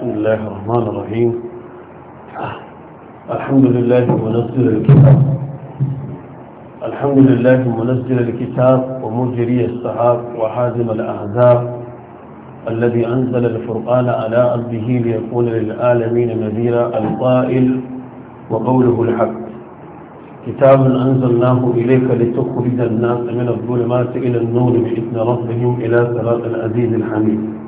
بسم الله الرحمن الرحيم الحمد لله منزل الكتاب الحمد لله منزل الكتاب ومجري السحاب وحازم الأعذاب الذي أنزل الفرقان على عبده ليكون للعالمين نذيرا القائل وقوله الحق كتاب أنزلناه إليك لتخرج الناس من الظلمات إلى النور بإذن ربهم إلى صراط العزيز الحميد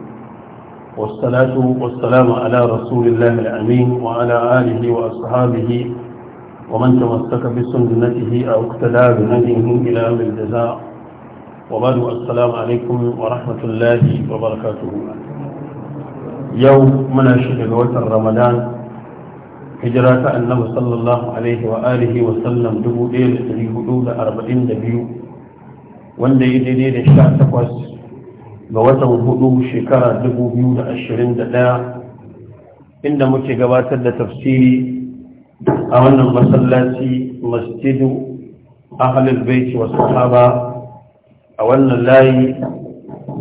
والصلاة والسلام على رسول الله الأمين وعلى آله وأصحابه ومن تمسك بسنته أو اقتدى بهديه إلى من الجزاء وبعد السلام عليكم ورحمة الله وبركاته يوم من شهر وتر رمضان hijira ta annabi sallallahu alaihi wa alihi wa sallam 1442 wanda ya daidai da 18 ga watan hudu shekara 2021 inda muke gabatar da tafsiri a wannan masallaci masjidu ahalul baiti wa sahaba a wannan layi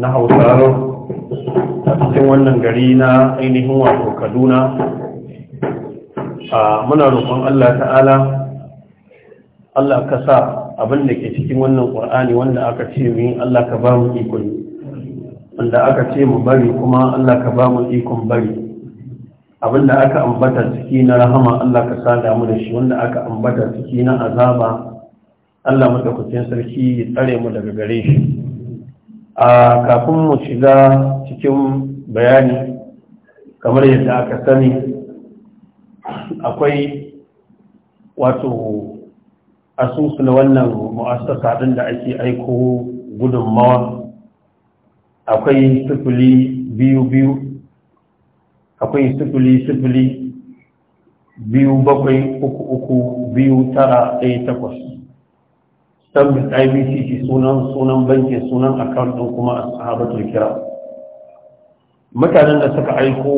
na hausaro a cikin wannan gari na ainihin wato kaduna a muna roƙon allah ta'ala allah ka sa abin da ke cikin wannan ƙwar'ani wanda aka ce min allah ka ba mu ikon wanda aka ce mu bari kuma Allah ka ba mu ikon bari abinda aka ambata ciki na rahama Allah ka sa damu da shi wanda aka ambata ciki na azaba Allah madaukakin sarki ya tsare mu daga gare shi a kafin mu shiga cikin bayani kamar yadda aka sani akwai wato asusun wannan mu'assasa din da ake aiko gudunmawa akwai sifili biyu biyu akwai sifili sifili biyu bakwai uku uku biyu tara ɗaya takwas stambit ibcc sunan sunan banki sunan account kuma a sahabatul kira mutanen da suka aiko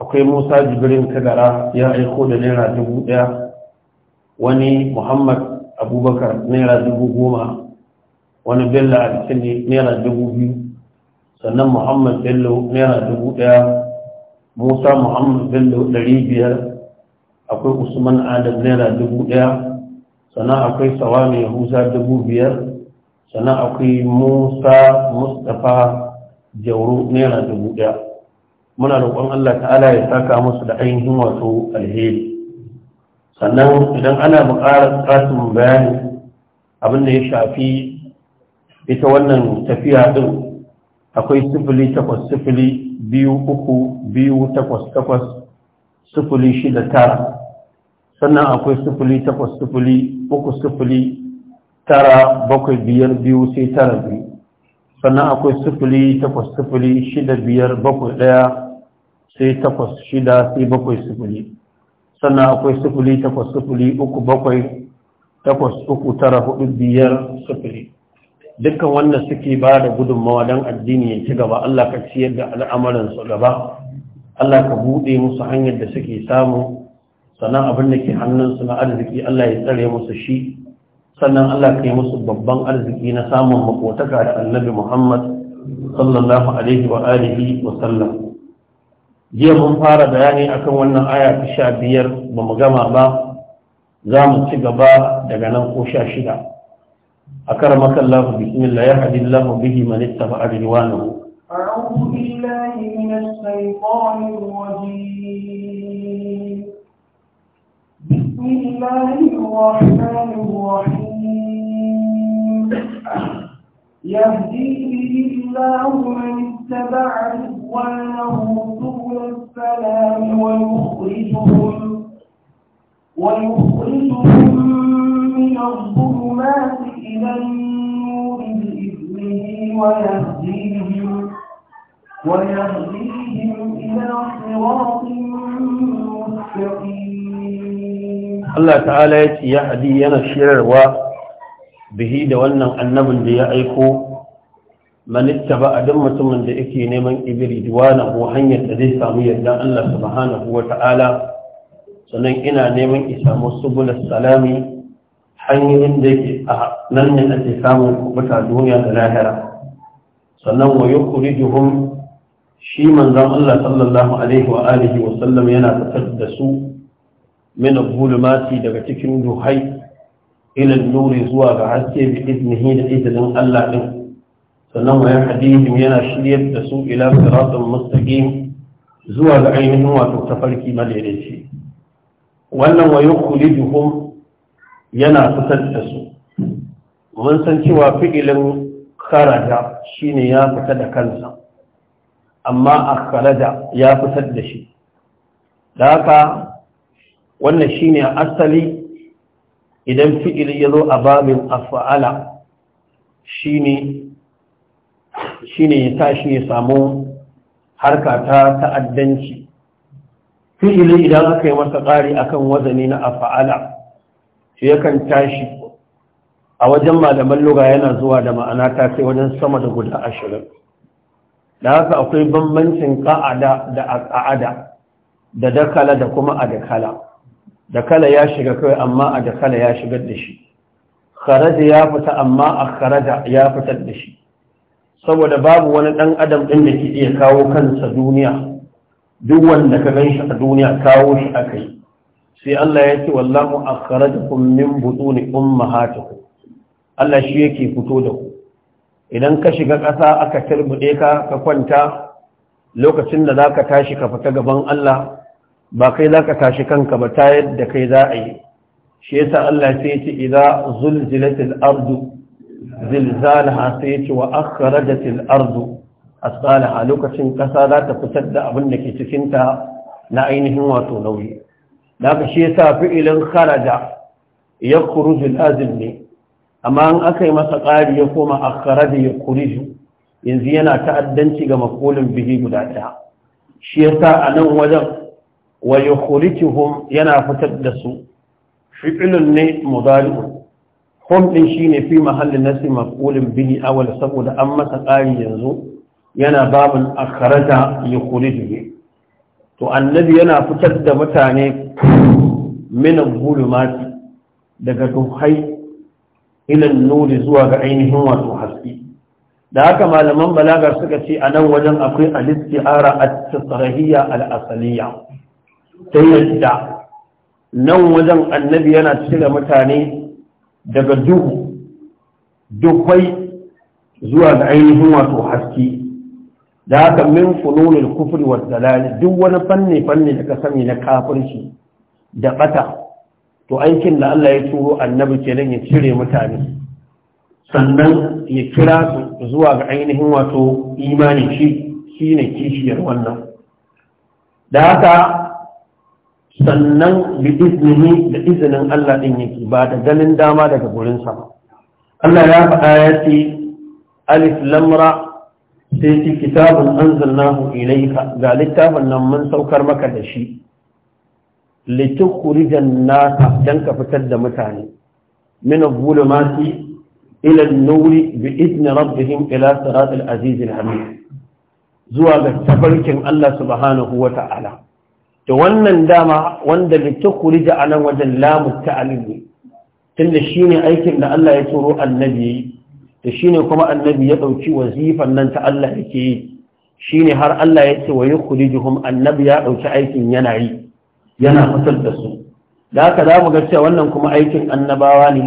akwai musa jibirin kagara ya aiko da naira dubu ɗaya wani muhammad abubakar naira dubu goma wani bello a cikin naira dubu biyu sannan muhammad bello naira dubu ɗaya musa muhammad bello ɗari biyar akwai usman adam naira dubu ɗaya sannan akwai sawami yahuza dubu biyar sannan akwai musa mustapha jauro naira dubu ɗaya muna roƙon allah ta'ala ya saka musu da ainihin wato alheri sannan idan ana buƙatar ƙasin bayani abin da ya shafi ita wannan tafiya din akwai sifili takwas sifili biyu uku biyu takwas takwas sifili shida tara sannan akwai sifili takwas sifili uku sifili tara bakwai biyar biyu sai tara biyu sannan akwai sifili takwas sifili shida biyar bakwai ɗaya sai takwas shida sai bakwai sifili sannan akwai sifili takwas sifili uku bakwai takwas uku tara hudu biyar sifili dukkan wannan suke ba da gudunmawa don addini ya ci gaba Allah ka ciyar da su gaba Allah ka buɗe musu hanyar da suke samu sannan abin da ke hannunsu na arziki Allah ya tsare musu shi sannan Allah ka yi musu babban arziki na samun makotaka da annabi Muhammad sallallahu alaihi wa alihi wa sallam jiya mun fara bayani akan wannan aya ta sha biyar ba mu gama ba za mu ci gaba daga nan ko sha shida أكرمك الله بسم الله يهدي الله به من اتبع رضوانه أعوذ بالله من الشيطان الرجيم بسم الله الرحمن الرحيم يهدي به الله من اتبع رضوانه سبل السلام ويخرجهم ويخرجهم من الظلمات إلى النور بإذنه ويهديهم ويهديهم إلى صراط مستقيم الله تعالى يهدي ينشر به da wannan annabin da ya aiko manitta ba a don mutumin da yake neman ibiri duwana ko hanyar da zai samu yardan Allah subhanahu wa ta'ala sannan ina neman isa musu salami hanyoyin da yake a nan ne ake samun kubuta duniya da lahira sannan wa yukhrijuhum shi manzan Allah sallallahu alaihi wa alihi wa sallam yana fitar da su min zulumati daga cikin duhai ila nuri zuwa ga haske bi iznihi da izinin Allah din sannan wa yahdihim yana shiryar da su ila siratal mustaqim zuwa ga ainihin wato tafarki madaidaici wannan wa yukhrijuhum yana fitar da su mun san cewa fi'ilin kharaja shine ya fita da kansa amma akharaja ya fitar da shi da haka wannan shine asali idan fi'ili ya zo a babin af'ala shine shine ya tashi ya samu harka ta ta'addanci fi'ili idan aka yi masa ƙari akan wazani na af'ala shi yakan tashi a wajen malaman luga yana zuwa da ma'ana ta kai wajen sama da guda ashirin da haka akwai bambancin ka'ada da ƙa'ada da dakala da kuma adakala dakala ya shiga kawai amma adakala ya shigar da shi kharaja ya fita amma a kharaja ya fitar da shi saboda babu wani ɗan adam ɗin da ke iya kawo kansa duniya duk wanda ka ganshi a duniya kawo shi aka yi sai Allah ya ce wallahu akhrajakum min butuni ummahatikum Allah shi yake fito da ku idan ka shiga ƙasa aka turbude ka ka kwanta lokacin da zaka tashi ka fita gaban Allah ba kai zaka tashi kanka ba ta yadda kai za a yi shi yasa Allah sai ya ce idza zulzilatil ardu zilzalaha sai ya ce wa akhrajatil ardu asqalaha lokacin ƙasa za ta fitar da abin da ke cikinta na ainihin wato nauyi da aka shi yasa fi'ilin kharaja ya kurujul azim ne amma an aka yi masa ƙari ya koma a kharaja ya yanzu yana ta'addanci ga makolin bihi guda ɗaya shi yasa a nan wajen wa ya yana fitar da su fi'ilun ne mudari'un hum din ne fi mahallin nasi maf'ulin bihi awal saboda an masa ƙari yanzu yana babin akharaja ya to annabi yana fitar da mutane minan gulumati daga duhai ilan nuri zuwa ga ainihin wato haske da haka malaman balaga suka ce a nan wajen akwai al-istiara at-tasrahiyya al-asaliya ta yadda nan wajen annabi yana cire mutane daga duhu duhai zuwa ga ainihin wato haske da haka min fununil kufri wa dalali, duk wani fanni fanni da ka sani na kafirci da bata to aikin da Allah ya turo annabi ke kenan ya cire mutane sannan ya kira su zuwa ga ainihin wato imani shi shine kishiyar wannan da haka sannan bi iznihi da izinin Allah din yake ba da ganin dama daga gurin sa Allah ya faɗa ya ce alif lamra sai ce kitabun anzalnahu Ilaika ga littafin nan mun saukar maka da shi litukhrijan nasa dan ka fitar da mutane min adh-dhulumati ila nuri bi idni rabbihim ila siratil aziz hamid zuwa ga tafarkin Allah subhanahu wa ta'ala to wannan dama wanda a nan wajen lamu ta'alim ne tunda shine aikin da Allah ya turo annabi to shine kuma annabi ya dauki wazifan nan ta Allah yake yi shine har Allah ya ce wa yukhrijuhum annabi ya dauki aikin yana yi yana fitar da su da haka za mu ga cewa wannan kuma aikin annabawa ne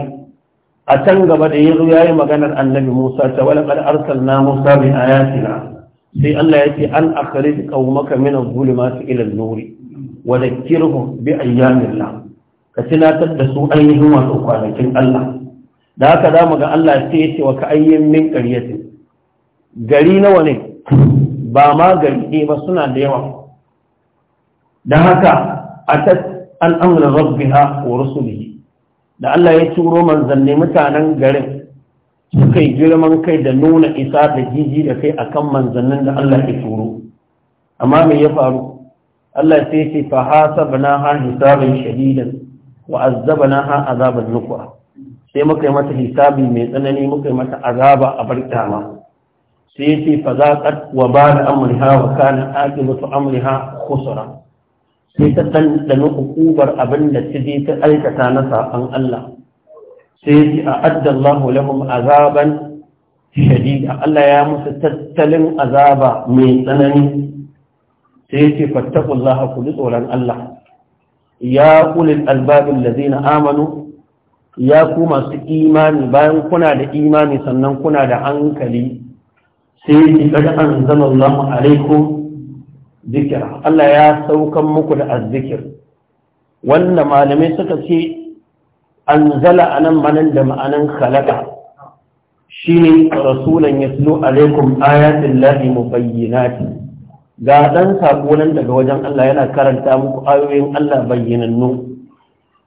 a can gaba da ya ya yi maganar annabi Musa ta wala qad arsalna Musa bi ayatina sai Allah ya ce an akhrij qaumaka min adh-dhulumati ila an-nuri wa dhakkirhum bi ayyamillah ka tunatar da su ainihin wato kwanakin Allah da haka za mu ga Allah sai ya ce wa ka'ayyin min ƙaryatin gari nawa ne ba ma gari ne ba suna da yawa da haka a atat al'amur rabbiha wa rusulihi da Allah ya turo manzanni mutanen garin suka yi girman kai da nuna isa da jiji da kai akan manzannin da Allah ya turo amma me ya faru Allah sai ce fa hasabna ha hisabin shadidan wa azzabna ha azaban nukwa sai muka yi mata hisabi mai tsanani muka yi mata azaba a bar kyama sai ya ce fa zaƙar wa ba da amurha wa kanin ake mutu amurha kusura sai ta ɗanɗana hukubar abin da ta je ta aikata na safan Allah sai ya ce a addallahu lahum azaban shadida Allah ya musu tattalin azaba mai tsanani sai ya ce fattakullaha ku ji tsoron Allah ya ulil albabin lazina amanu ya ku masu imani bayan kuna da imani sannan kuna da hankali sai yi ɗaga an zama a alaikum zikira Allah ya saukan muku da azzikir wanda malamai suka ce an zala anan manan da ma'anan khalaqa shine rasulan yaslu alaikum mu bayyana mubayyinati ga ɗan saƙonan daga wajen Allah yana karanta muku ayoyin Allah bayyanannu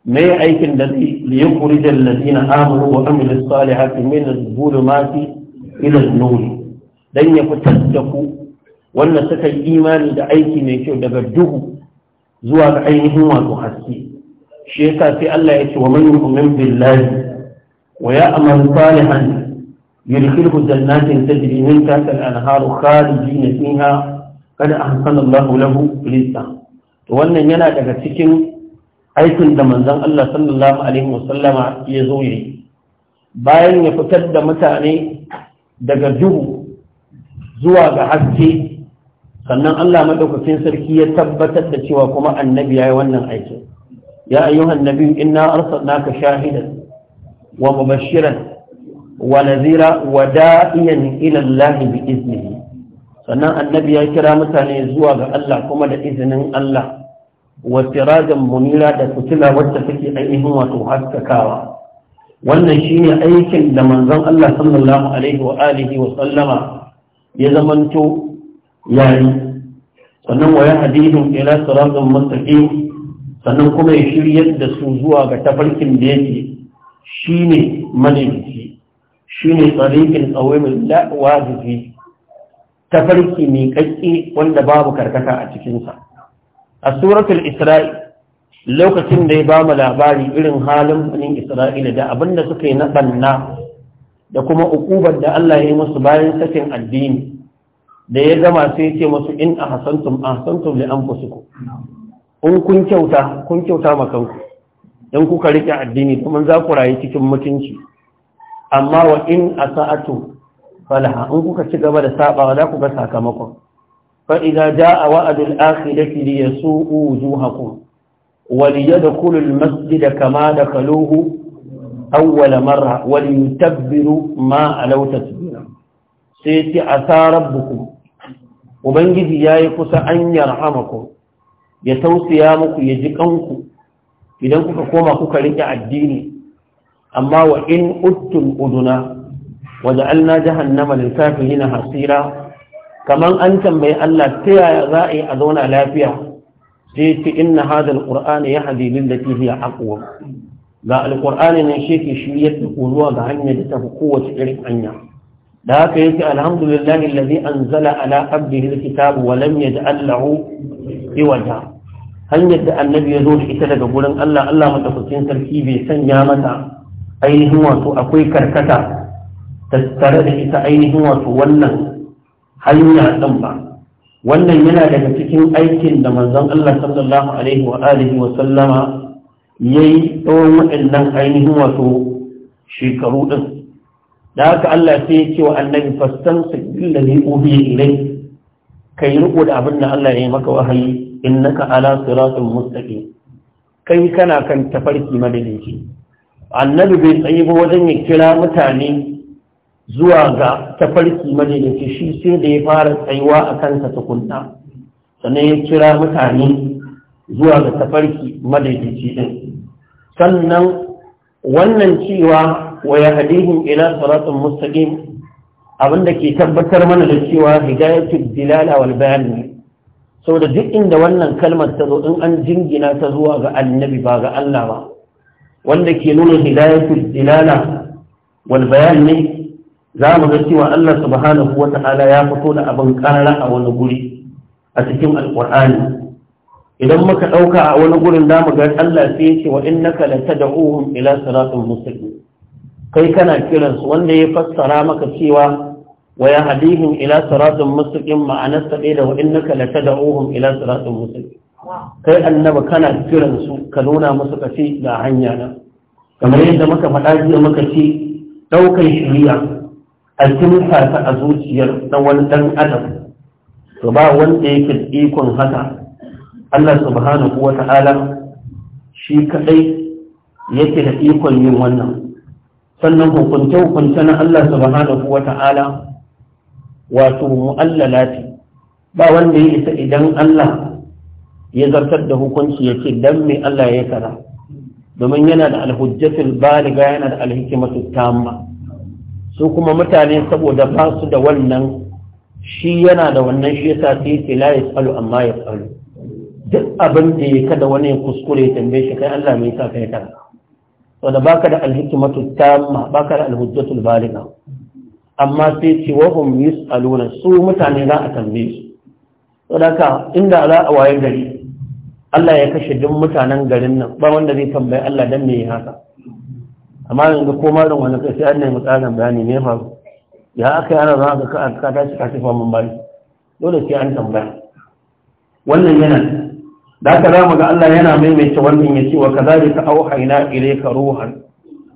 Mai aikin da ya kuri da lalina amuru wa amilu salihati min Masi, ila nuri dan ya fitar da ku wanda suka yi imani da aiki mai kyau daga duhu zuwa ga ainihin wato haske shi sai Allah ya ce wa man yu'min billahi wa ya'mal salihan يدخله جنات تجري من تحت الانهار خالدين فيها قد احسن الله له رزقا wannan yana daga cikin aikin da manzon Allah sallallahu alaihi wasallama ya zo yi bayan ya fitar da mutane daga duhu zuwa ga haske sannan Allah madaukakin sarki ya tabbatar da cewa kuma annabi yayi wannan aikin ya ayyuhan nabiyyu inna arsalnaka shahidan wa mubashiran wa nazira wa da'iyan ila Allah bi iznihi sannan annabi ya kira mutane zuwa ga Allah kuma da izinin Allah Wasirajan munira da fitila wacce take ainihin wato haskakawa wannan shine aikin da manzon Allah sallallahu alaihi wa alihi wa sallama ya zamanto yayi sannan wa yahdihum ila sirajan mustaqim sannan kuma ya shiryar da su zuwa ga tafarkin da yake shine maniki shine tsarikin tsawaimin la tafarki mai kakki wanda babu karkata a cikinsa a suratul isra'i lokacin da ya ba mu labari irin halin banin isra'ila da abinda da suka yi na banna da kuma ukubar da Allah ya yi musu bayan sakin addini da ya gama sai ce musu in a hasantum a hasantum li in kun kyauta kun kyauta ma in kuka rike addini kuma za ku rayu cikin mutunci amma wa in a Sa'atu falaha in kuka ci gaba da saɓawa za ku ga sakamakon فإذا جاء وعد الآخرة ليسوءوا وجوهكم وليدخلوا المسجد كما دخلوه أول مرة وليتبروا ما علوا تتبيرا سيتي عسى ربكم وبنجد يا يقص أن يرحمكم يتوسيامكم يجيكمكم إذا كنت كما كنت الدين أما وإن أدتم أدنا وجعلنا جهنم للكافرين حصيرا kamar an tambayi Allah ta yaya za a yi a zauna lafiya sai ce inna hadal qur'ani ya hadi lil lati hiya aqwa ga Alƙur'ani ne shi ke ya da zuwa ga hanya da tafi kowace irin hanya da haka yake alhamdulillah alladhi anzala ala abdihi alkitab wa lam yaj'al lahu iwaja hanyar da annabi ya zo da ita daga gurin Allah Allah madaukakin sarki bai sanya mata ainihin wato akwai karkata tattare da ita ainihin wato wannan hanya ɗin ba wannan yana daga cikin aikin da manzon Allah sallallahu alaihi wa alihi wa sallama yayi tsawon waɗannan ainihin wato shekaru ɗin da haka Allah sai ya ce wa annabi fastan sabil ladhi uhiya ilayk kai riko da abin da Allah ya yi maka wahayi innaka ala siratin mustaqim kai kana kan tafarki madalici annabi bai tsayi ba wajen ya kira mutane zuwa ga tafarki majalisi shi sai da ya fara tsayuwa a kansa tukunta, sannan ya kira mutane zuwa ga tafarki majalisi sannan wannan cewa wa ya hadihim ila siratun mustaqim abinda ke tabbatar mana da cewa hidayatul dilala wal bayan ne saboda duk inda wannan kalmar ta zo in an jingina ta zuwa ga annabi ba ga Allah ba wanda ke nuna hidayatul dilala wal bayan ne za mu ga cewa Allah subhanahu wa ta'ala ya fito da abin ƙara a wani guri a cikin alƙur'ani idan muka ɗauka a wani gurin da mu ga Allah sai ya ce wa innaka la tad'uhum ila siratin mustaqim kai kana kiran su wanda ya fassara maka cewa wa ya ila siratin mustaqim ma'anar sa da wa innaka la tad'uhum ila siratin mustaqim kai annaba kana kiran su ka nuna musu kace ga hanya na kamar yadda muka faɗa jiya muka ce ɗaukar shari'a. a kimsa ta a zuciyar na ɗan adam to ba wanda yake ikon haka Allah subhanahu wa ta'ala shi kaɗai yake da ikon yin wannan sannan hukunce-hukunce na Allah subhanahu wa ta'ala wato mu'allalati ba wanda ya isa idan Allah ya zartar da hukunci ya ce dan me Allah ya kara domin yana da alhujjatul baliga yana da alhikimatu tamma su kuma mutane saboda ba su da wannan shi yana da wannan shi ya sai yake laye tsalo amma tsalo duk abin da ya kada wani ya kuskure ya tambaye shi kai Allah mai sa kai kanka wanda baka da alhikmatu tamma baka da alhujjatul baligha amma sai ce wa hum yusaluna su mutane za a tambaye su saboda ka inda za a waye gari Allah ya kashe duk mutanen garin nan ba wanda zai tambaye Allah dan me ya haka amma yanzu ko malam wani kai sai an nemi tsarin bayani ne faru ya aka yi ana zama ga ka ka tashi ka tafi mun bani dole sai an tambaya wannan yana da ka za ga Allah yana maimaita wannan ya ce wa kazalika auhayna ilayka ruhan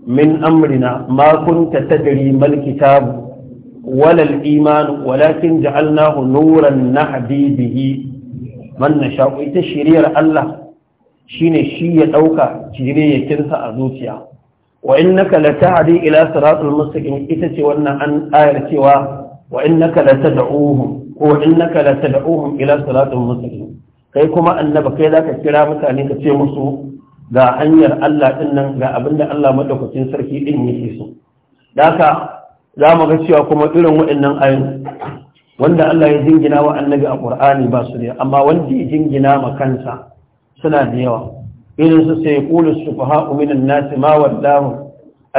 min amrina ma kunta tadri mal kitab wala al iman walakin ja'alnahu nuran nahdi bihi man nasha'u ita shiriyar Allah shine shi ya dauka shine ya kinsa a zuciya wa innaka latahdi ila siratal mustaqim ita ce wannan an ayar cewa wa innaka latad'uhum ko innaka latad'uhum ila siratal mustaqim kai kuma annaba kai za ka kira mutane ka ce musu ga hanyar Allah din nan ga abinda Allah madaukakin sarki din yake so daka za mu ga cewa kuma irin waɗannan ayoyi wanda Allah ya jingina wa annabi a Qur'ani ba su ne amma wanda ya jingina ma kansa suna da yawa irin su sai kulu sufaha'u minan nasi ma wallahu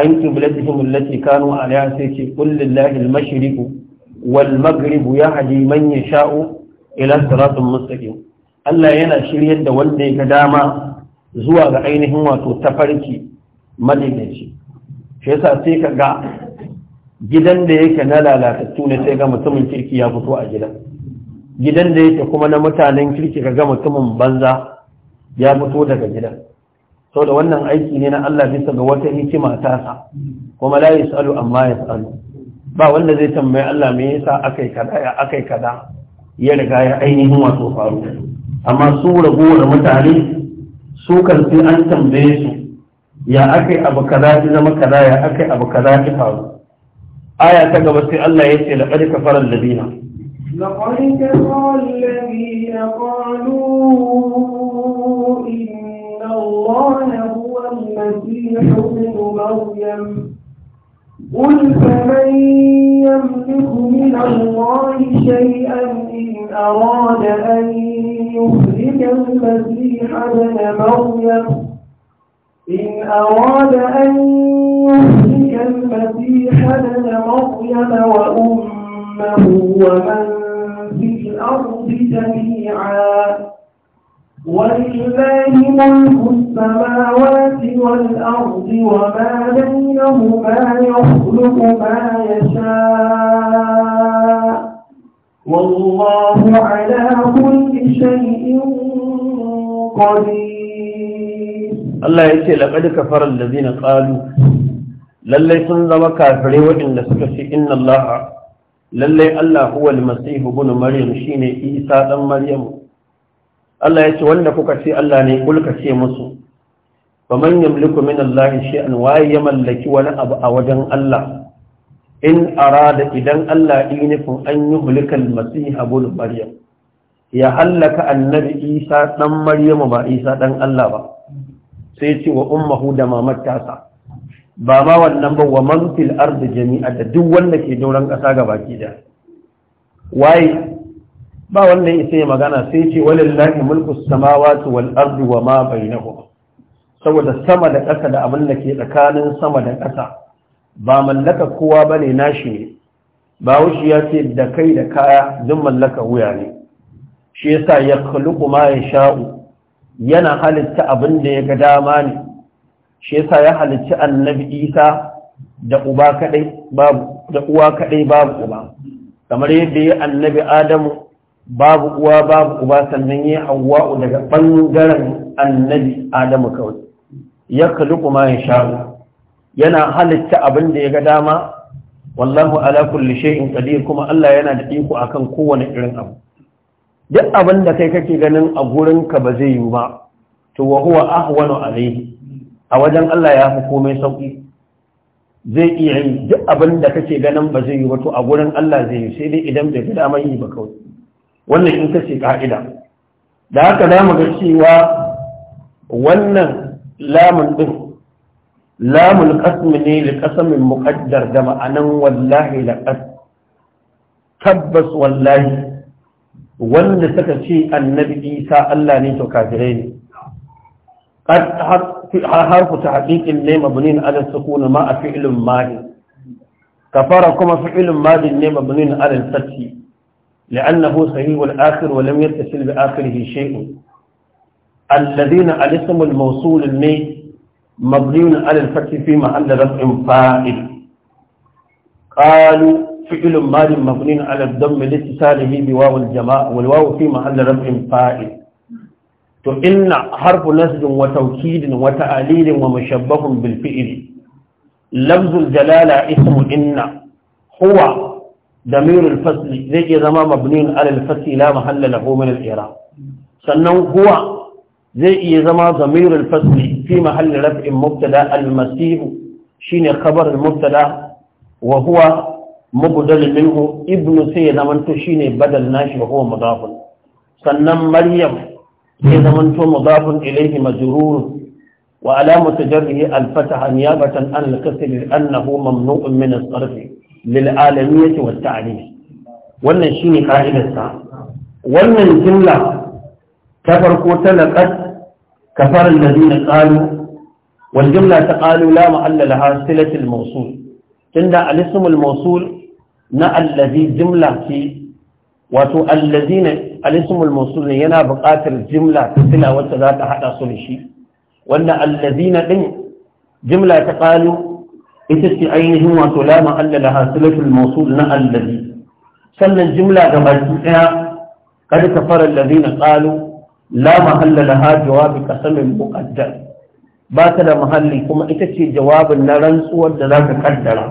an qiblatihim allati kanu alaiha sai ce qul lillahi al-mashriqu wal maghribu yahdi man yasha'u ila siratin mustaqim Allah yana shiryar da wanda ya ga dama zuwa ga ainihin wato tafarki madaidaici shi yasa sai ka ga gidan da yake na lalatattu ne sai ga mutumin kirki ya fito a gidan gidan da yake kuma na mutanen kirki ka ga mutumin banza ya mutu daga gidan sau da wannan aiki ne na Allah bisa ga wata hikima ta sa kuma la yasalu amma ya yasalu ba wanda zai tambayi Allah me yasa akai kada ya akai kada ya riga ya ainihin wato faru amma su ragowar mutane su kan sai an tambaye su ya akai abu kaza ki zama kaza ya akai abu kaza ki faru aya ta gaba sai Allah ya ce laqad kafara alladina laqad kafara alladina حكم مريم قل فمن يملك من الله شيئا إن أراد أن يخرج المسيح ابن مريم إن أراد أن يخرج المسيح ابن مريم وأمه ومن في الأرض جميعا ولله ملك السماوات والأرض وما بينهما يخلق ما يشاء والله على كل شيء قدير الله يسأل لقد كفر الذين قالوا للي سنزم كافري وإن نسكسي إن الله للي الله هو المسيح بن مريم شيني إيسا مريم Allah ya ce wanda kuka ce Allah ne kulka ce musu ba man yamliku min Allah shay'an waye ya mallaki wani abu a wajen Allah in arada idan Allah yi nufin an yi hulikal masiha bin maryam ya hallaka annabi Isa dan Maryamu ba Isa dan Allah ba sai ce wa ummuhu da mamatasa ba ma wannan ba wa man fil ardi jami'a da duk wanda ke dauran ƙasa ga baki da waye ba wanda ya magana sai ce walillahi mulku samawati wal ardi wa ma bainahuma saboda sama da ƙasa da abin da ke tsakanin sama da ƙasa ba mallaka kowa bane nashi ne ba wuce ya ce da kai da kaya duk mallaka wuya ne shi yasa ya khuluqu ma yasha'u yana halitta abin da ya ga dama ne shi yasa ya halicci annabi Isa da uba kadai babu da uwa kadai babu uba kamar yadda ya annabi Adamu babu uwa babu uba sannan ya hawa daga ɓangaren annabi adamu kawai ya kalli kuma ya sha'u yana halitta abin da ya ga dama wallahu ala kulli shay'in qadir kuma Allah yana da iko akan kowane irin abu duk abin da kai kake ganin a gurin ka ba zai yi ba to wa huwa ahwanu alayhi a wajen Allah ya fi komai sauki zai iya yi duk abin da kake ganin ba zai yi ba to a gurin Allah zai yi sai dai idan bai fi dama yi ba kawai wannan in ita ce ka'ida da haka za mu ga cewa wannan lamun din lamun kasmi ne li kasamin muqaddar da ma'anan wallahi laqad tabbas wallahi wanda suka ce annabi isa Allah ne to kafirai ne قد حرف تحقيق النيم مبنين على السكون مع فعل ماضي كفر كما فعل ماضي النيم مبنين على الفتح لأنه صحيح الآخر ولم يتصل بآخره شيء الذين الاسم الموصول الني مبني على الفتح في محل رفع فاعل قالوا فعل مال مبني على الضم لاتصاله بواو الجماع والواو في محل رفع فاعل to inna harfu nasbin wa tawkidin wa ta'lilin wa mushabbahun bil fi'li lafzul jalala ismu inna huwa ضمير الفصل زي زما مبني على الفصل لا محل له من الاعراب sannan huwa zai iya zama ضمير الفصل في محل رفع مبتدا المسيح شين خبر المبتدا وهو مبدل منه ابن سي زمانتو شين بدل ناشي وهو مضاف sannan maryam zai zamanto mudafun ilayhi majrur wa alamatu jarrihi al-fataha niyabatan an al-kasr annahu mamnu'un min للعالمية والتعليم wannan shine ka'idarsa wannan jumla ta farko ta laqad kafara alladhina qalu wal jumla ta qalu la ma'alla laha silatu al mawsul tunda al ism na alladhi jumla ce wato alladhina al yana buƙatar jumla ta sila wacce za ta su wannan ta ita ce ainihin wato la allala hasilatul mawsul na allazi sannan jimla ga baki daya kad kafara allazina qalu la mahalla laha jawabi qasamin muqaddar ba ta da mahalli kuma ita ce jawabin na rantsuwar da zaka kaddara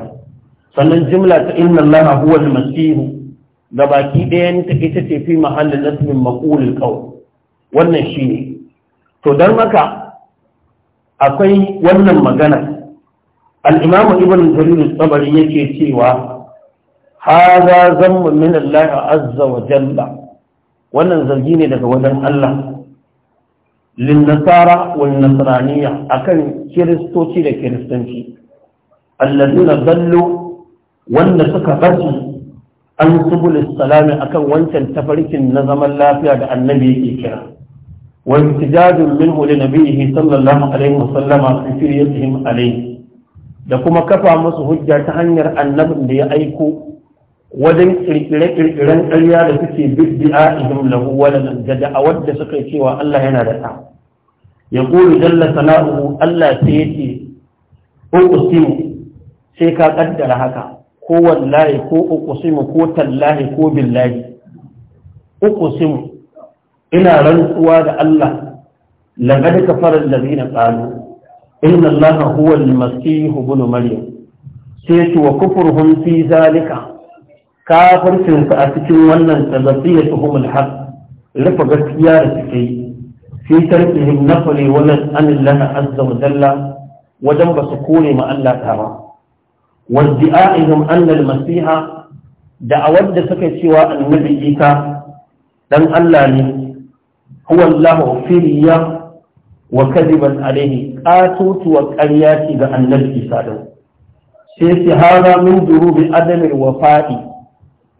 sannan jimla ta inna allaha huwa al-masih ga baki ɗayan ta ita ce fi mahallin nasmin maqulul qawl wannan shine to dan haka akwai wannan maganar. al al’imamu ibn jarir tsabari yake cewa haza zama min Allah azza wa jalla wannan zargi ne daga wajen Allah lin nasara wal nasraniya akan kiristoci da kiristanci allazina zallu wanda suka bari an subul salami akan wancan tafarkin na zaman lafiya da annabi yake kira wa intijadun minhu li nabiyhi sallallahu alaihi wa sallama fi sirriyatihim alaihi da kuma kafa musu hujja ta hanyar annabin da ya aiko wajen kirkire-kirkiren ƙarya da suke bid'a ihim lahu nan. da da'awar da suka yi cewa Allah yana da ta ya kulu jalla sana'u Allah sai yake uqsimu sai ka kaddara haka ko wallahi ko uqsimu ko tallahi ko billahi uqsimu ina rantsuwa da Allah laqad kafara allazina qalu inna allaha huwa al-masih ibn maryam sai ce wa kufruhum fi zalika kafircin a cikin wannan ya humul har? Rafa gaskiya da suke yi fi tarkihim nafari wannan anillaha azza wa jalla wajen ba su kore ma Allah ta ba waddi'a'ihim anna al-masiha da a wanda suka cewa annabi Isa dan Allah ne huwa Allahu fi wa kadiban alayhi katotuwar ƙarya ce ga annabi isa din sai su hara min durubi adamin wafa'i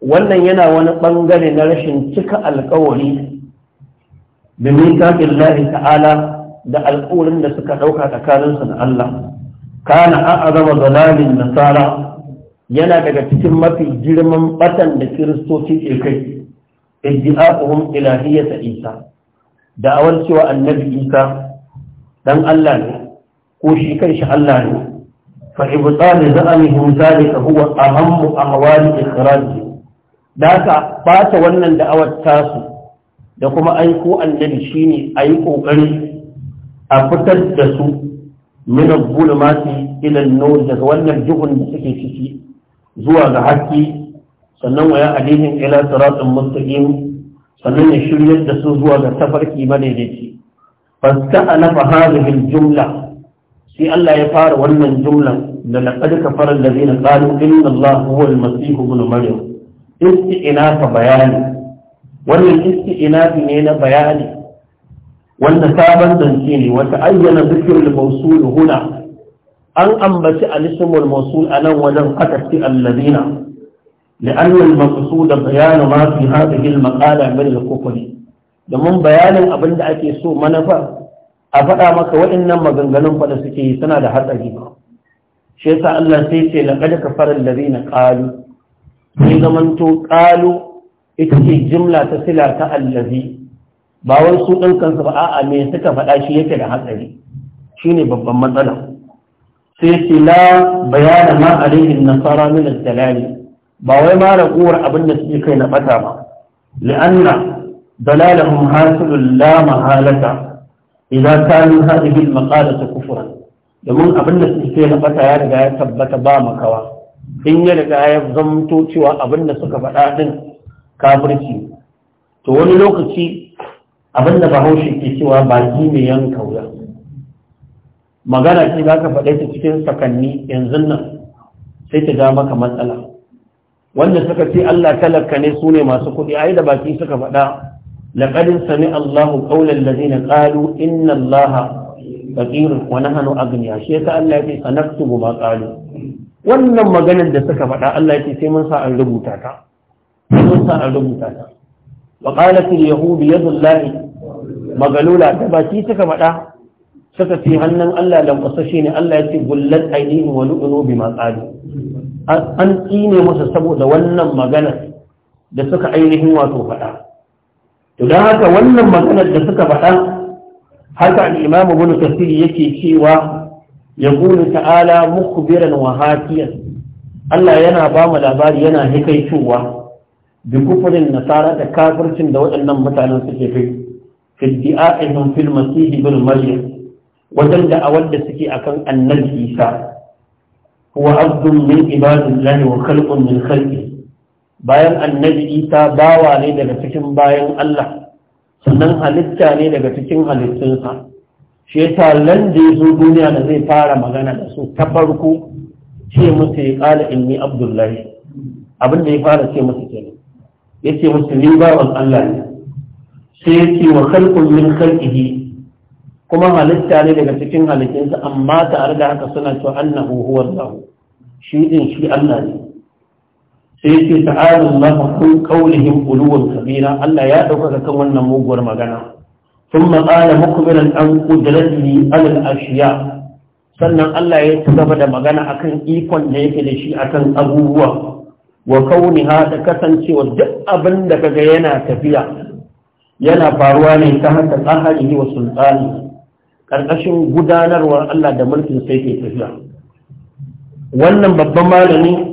wannan yana wani ɓangare na rashin cika alkawari da mitakin lahi ta'ala da alƙawarin da suka ɗauka tsakaninsu da Allah kana a azama zalalin nasara yana daga cikin mafi girman batan da kiristoci ke kai iddi'a'uhum ilahiyyata isa da'awar cewa annabi isa dan Allah ne ko shi shi Allah ne fa ibtal za'amihim zalika huwa ahammu ahwali ikhraj daka ba ta wannan da'awar tasu da kuma aiko annabi shine ayi kokari a fitar da su min al-zulumati ila an-nur daga wannan duhun da suke ciki zuwa ga haƙƙi sannan waya alihin ila siratin mustaqim sannan ya shiryar da su zuwa ga tafarki madaidaici fasta'anafa hadhihi al-jumla sai Allah ya fara wannan jumlan da laqad kafara allazina qalu inna Allah huwa al-masih ibn maryam isti'nafa bayani wannan isti'nafi ne na bayani wanda sabon zance ne wata ayyana zikirin mausul huna an ambaci alisumul mausul a nan wajen aka ci allazina لأن da بيان ما في هذه المقالة من الكفر domin bayanin abin da ake so manufar a faɗa maka waɗannan maganganun faɗa suke yi suna da hatsari ba shi yasa Allah sai ce laqad kafara allazina qalu sai zamanto qalu ita ce jimla ta sila ta allazi ba wai su ba a'a me suka faɗa shi yake da hatsari shine babban matsala sai ce la bayana ma alaihi nasara min al ba wai ma raguwar abin da suke kai na bata ba li'anna dalalahum hasilul la mahalata idan kanu hadhihi al ta kufura, domin abin da suke na fata ya riga ya tabbata ba makawa in ya riga ya zamto cewa abin da suka faɗa din kafirci to wani lokaci abin da bahaushe ke cewa baki ne yanka wuya magana ce za ka faɗe ta cikin sakanni yanzu nan sai ta ja maka matsala wanda suka ce Allah talaka ne su ne masu kuɗi ai da baki suka faɗa لقد سمع الله قول الذين قالوا إن الله فقير ونحن أغنياء شيء الله يتي سنكتب ما قالوا wannan maganar da suka faɗa Allah ya ce sai mun sa an rubuta ta mun sa an rubuta ta wa qalat al yahud yadullahi magalula ta baki suka faɗa suka ce hannun Allah lankwasashe ne Allah ya ce gullat ainihin wa lu'unu bima qalu an tsine masa saboda wannan maganar da suka ainihin wato faɗa to don haka wannan maganar da suka faɗa haka al'imamu wani tafsiri yake cewa ya ƙuni ta'ala muku biran hakiyan Allah yana ba mu labari yana hikaitowa bi kufurin nasara da kafircin da waɗannan mutanen suke fi fi di'a'ihim fil masih ibn maryam wajen a wanda suke akan annabi isa huwa abdun min ibadillahi wa khalqun min khalqi bayan annabi isa bawa ne daga cikin bayan Allah sannan halitta ne daga cikin halittunsa shi yasa da ya zo duniya da zai fara magana da su ta farko ce musu ya kala inni abdullahi abin da ya fara ce musu ne ya ce musu ni bawan Allah ne sai ya ce wa kalkun min kalkihi kuma halitta ne daga cikin halittunsa amma tare da haka suna cewa annahu huwa shi din shi Allah ne sai yake ta'ala Allah kun qaulihim quluwan kabira Allah ya ɗaukaka kan wannan muguwar magana thumma qala mukmilan an qudratihi ala al-ashiya sannan Allah ya ci gaba da magana akan ikon da yake da shi akan abubuwa wa kauniha da kasancewa duk abin da kaga yana tafiya yana faruwa ne ta haka tsaharihi wa sultani ƙarƙashin gudanarwar Allah da mulkin sai ke tafiya wannan babban malami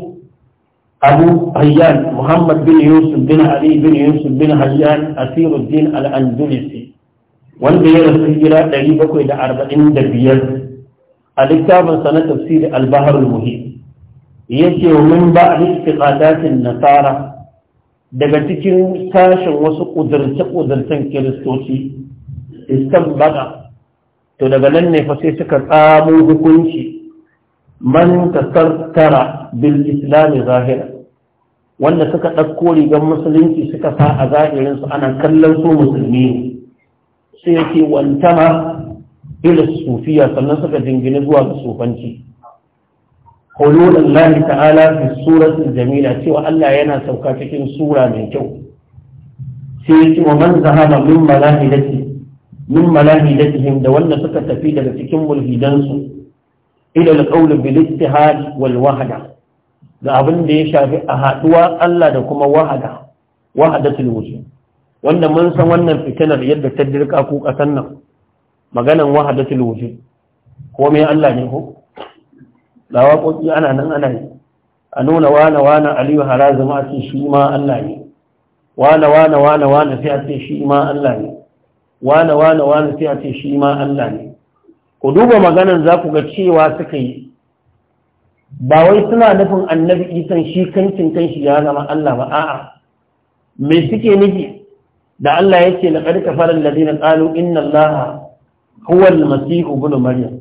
Abu هيان Muhammad bin يوسف bin Ali, bin Yusuf bin هيان أسير الدين الأندلسي wanda ya rasu gida ɗari da arba'in hijira 745 a littafin sana tafsiri al-bahar muhi yace min ba al-istiqadatin nasara daga cikin sashen wasu kudurce kudurcen kiristoci istan bada to daga nan ne fa sai suka tsamo hukunci man tasattara bil islam zahira wanda suka ɗauko rigar musulunci suka sa a zahirin su ana kallon su musulmi ne sai yake wantama ila sufiya sannan suka jingina zuwa ga sufanci hulul Allah ta'ala fi surati jamila cewa Allah yana sauka cikin sura mai kyau sai yake wa man zahaba min malahidati min malahidatihim da wanda suka tafi daga cikin mulhidansu ila alqawl bil ittihad wal wahda da abin da ya shafi a haduwa Allah da kuma wahada wahadatul wujud wanda mun san wannan fitinar yadda ta dirka ku kasan nan maganan wahadatul wujud ko me Allah ne ko da waƙoƙi ana nan ana yi a nuna wana-wana aliyu harazuma a ce shi ma Allah ne Wana-wana-wana wane sai a ce shi ma Allah ne Wana-wana-wana sai a ce shi ma Allah ne ku duba maganan za ku ga cewa suka yi ba wai suna nufin annabi isan shi kancin kanshi ya zama Allah ba a'a me suke nufi da Allah ya ce laqad kafara alladhina qalu inna allaha huwa almasih ibn maryam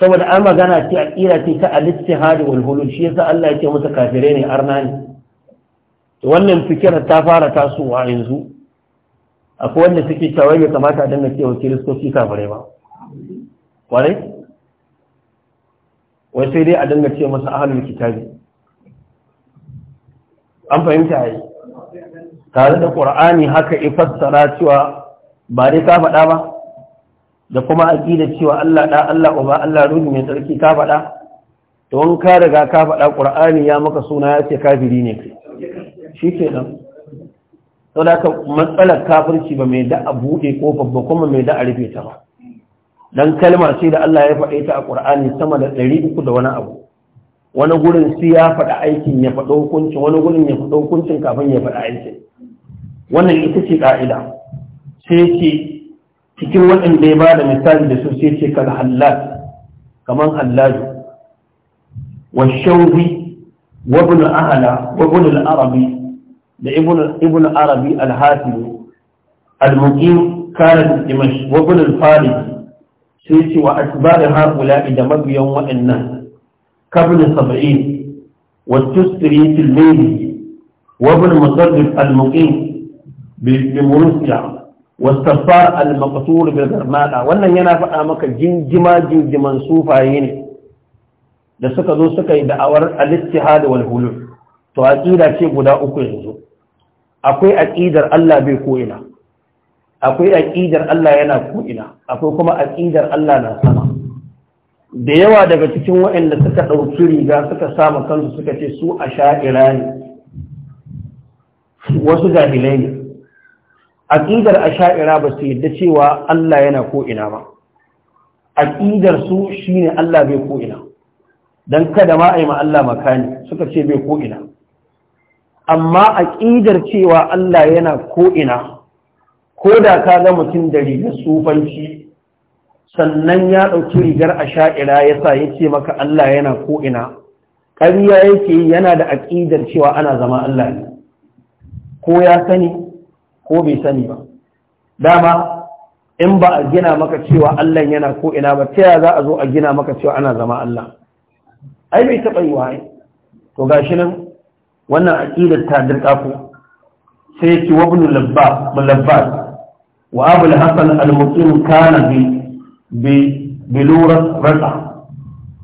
saboda an magana ce a kira ce ta al-ittihad wal hulul shi yasa Allah ya ce musu kafire ne arnani ne wannan fikira ta fara tasowa yanzu akwai wanda suke cewa ya kamata a danna cewa kiristoci kafire ba kwarai wai sai dai a dinga ce masa ahalul kitabi an fahimta yi tare da ƙur'ani haka ifassara cewa ba dai ka faɗa ba da kuma aƙida cewa Allah ɗa Allah uba Allah ruhi mai tsarki ka faɗa to wani ka riga ka faɗa ƙur'ani ya maka suna ya ce kafiri ne kai shi ke nan saboda matsalar kafirci ba mai da a buɗe ƙofar ba kuma mai da a rufe ta ba dan kalma sai da Allah ya faɗe ta a Qur'ani sama da 300 da wani abu wani gurin sai ya faɗa aikin ya faɗa hukuncin wani gurin ya faɗa hukuncin kafin ya faɗa aikin wannan ita ce ka'ida sai ce cikin waɗanda ya ba da misali da su sai ce kal hallaj kaman hallaj wa shawbi wa ibn ahla wa ibn al-arabi da ibn ibn arabi al-hasib al-muqim kana dimashq wa ibn al-farid sai ce wa asbari haƙula'i da mabiyan waɗannan kabin saba'in والتسري في الليل وابن مصدف المقيم بمروسيا والسفار المقتول بالغرمالا wannan yana faɗa maka jinjima jinjiman sufaye ne da suka zo suka yi da'awar al-ittihad wal hulul to aqida ce guda uku yanzu akwai aƙidar Allah bai ko'ina. akwai aƙidar Allah yana ko'ina akwai kuma aƙidar Allah na sama da yawa daga cikin waɗanda suka ɗauki riga suka sama kansu suka ce su a sha'ira ne wasu jahilai ne aƙidar a sha'ira ba su yadda cewa Allah yana ko'ina ba aƙidar su shi ne Allah bai ko'ina don kada ma a yi ma Allah makani suka ce bai ko'ina amma aƙidar cewa Allah yana ko'ina ko da ka ga mutum da rigar tsufanci sannan ya ɗauki rigar a sha'ira ya sa ya ce maka Allah yana ko'ina ƙariya yake yana da aƙidar cewa ana zama Allah ne ko ya sani ko bai sani ba dama in ba a gina maka cewa Allah yana ko'ina ba ta za a zo a gina maka cewa ana zama Allah ai bai taɓa yi waye to gashi nan wannan aƙidar ta dirƙa ko sai ki wa labbas wa abul Hassan al-muqim kana bi bi bilurat rasa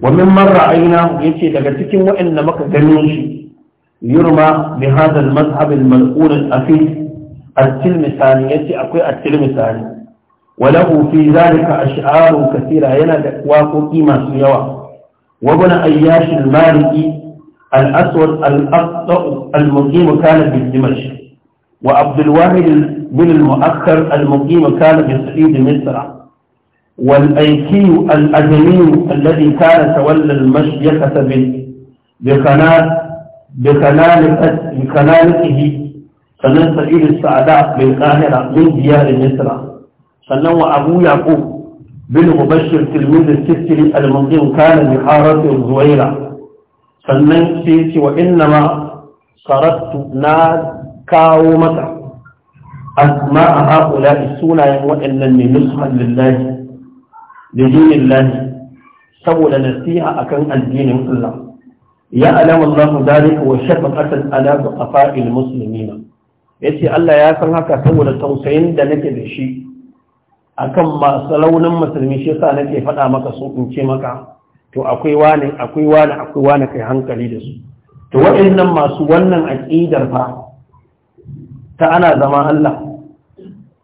wa mimman ra'ayna yace daga cikin waɗanda muka gani shi yurma bi hadha al-madhhab al-mal'un al-afid al-tilmisani yace akwai al-tilmisani wa a fi dhalika ash'arun kathira yana da waƙoƙi masu yawa wa ibn ayyash al-maliki الأسود الأخطأ المقيم كان بالدمشق وعبد الواحد من المؤخر المقيم كان في سعيد مصر والأيكي الأجمي الذي كان تولى المشيخة بقناة بقنانته سنة سعيد السعداء بالقاهرة من ديار مصر سنة أبو يعقوب بن مبشر تلميذ السفر المقيم كان بحارة الزويرة سنة سيتي وإنما صرفت ناد كاو asma a haƙula sunayen waɗannan ne nusman lillahi da dinin lahi saboda nasiha akan addinin Allah ya alama Allah dalika wa a ala qafa'il muslimina yace Allah ya san haka saboda tausayin da nake da shi akan masu launin musulmi shi yasa nake faɗa maka su in ce maka to akwai wani akwai wani akwai kai hankali da su to waɗannan masu wannan aqidar fa ta ana zama Allah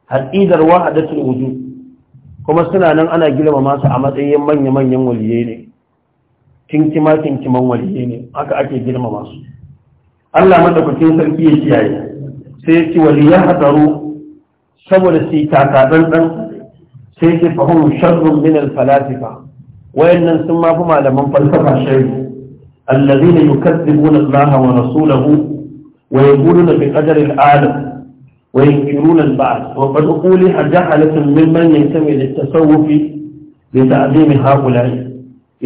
haƙidar wahadatul wujud kuma suna nan ana girmama su a matsayin manya-manyan waliyai ne kinkima kinkiman waliyai ne haka ake girmama su Allah madaukakin sarki ya kiyaye sai ya ci waliyan hadaru saboda su taka dan sai ya fahimu sharrun min al-falasifa wayannan sun mafi malaman falsafa shari allazina yukazzibuna Allah wa rasulahu ويقولون بقدر العالم وينكرون البعث وقد أقولها جهلة ممن ينتمي للتصوف لتعظيم هؤلاء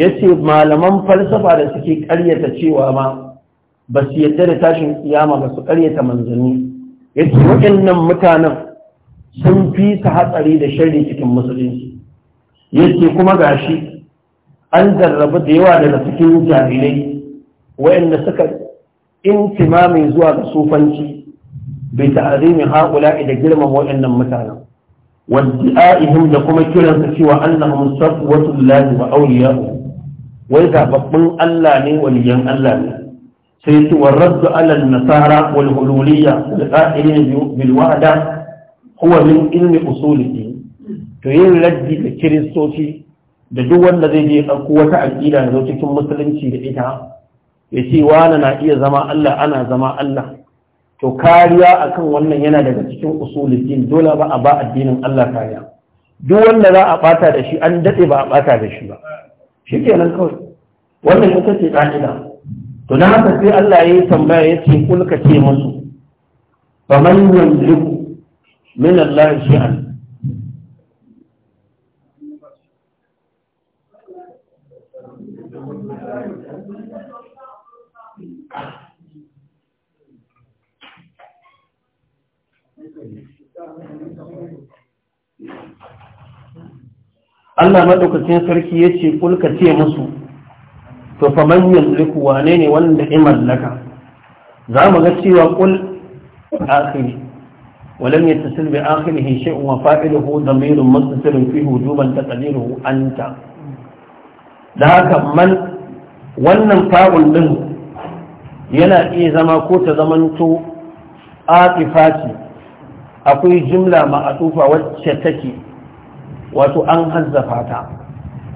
yace malaman falsafa da suke ƙaryata cewa ma ba su yadda da tashin kiyama ba su ƙaryata manzanni yace waɗannan mutanen sun fisa hatsari da shan rikicin musulunci yace kuma gashi an jarrabu da yawa daga cikin jahilai waɗanda suka mai zuwa ga sufanci bai ta'azimi haƙula da girman waɗannan mutanen wadda'ihim da kuma kiransa cewa annahum safwatu lillahi wa awliya'u wai zababbun Allah ne waliyan Allah ne sai ce wa raddu nasara wal hululiyya wal qa'irin bil wa'da huwa min ilmi usulihi to yin raddi ga kiristoci da duk wanda zai je ɗauko wata aƙida da cikin musulunci da ita ya ce wani na iya zama Allah ana zama Allah to kariya akan wannan yana daga cikin usulul dole ba a ba addinin Allah kariya duk wanda za a bata da shi an dade ba a bata da shi ba shi shikenan kawai wannan ita ce ka'ida to na haka sai Allah ya yi tambaya ya ce kulka ce musu faman yamliku min Allah shay'an Allah maɗaukacin sarki ya ce kulka ce musu to fa man yamliku wane ne wanda ya mallaka za mu ga cewa kul akhiri ولم يتصل da شيء وفاعله ضمير متصل فيه وجوبا تقديره أنت ذاك من wannan fa'ul din yana iya zama ko ta zamanto atifa ce akwai jimla ma'atufa wacce take wato an hazzafa ta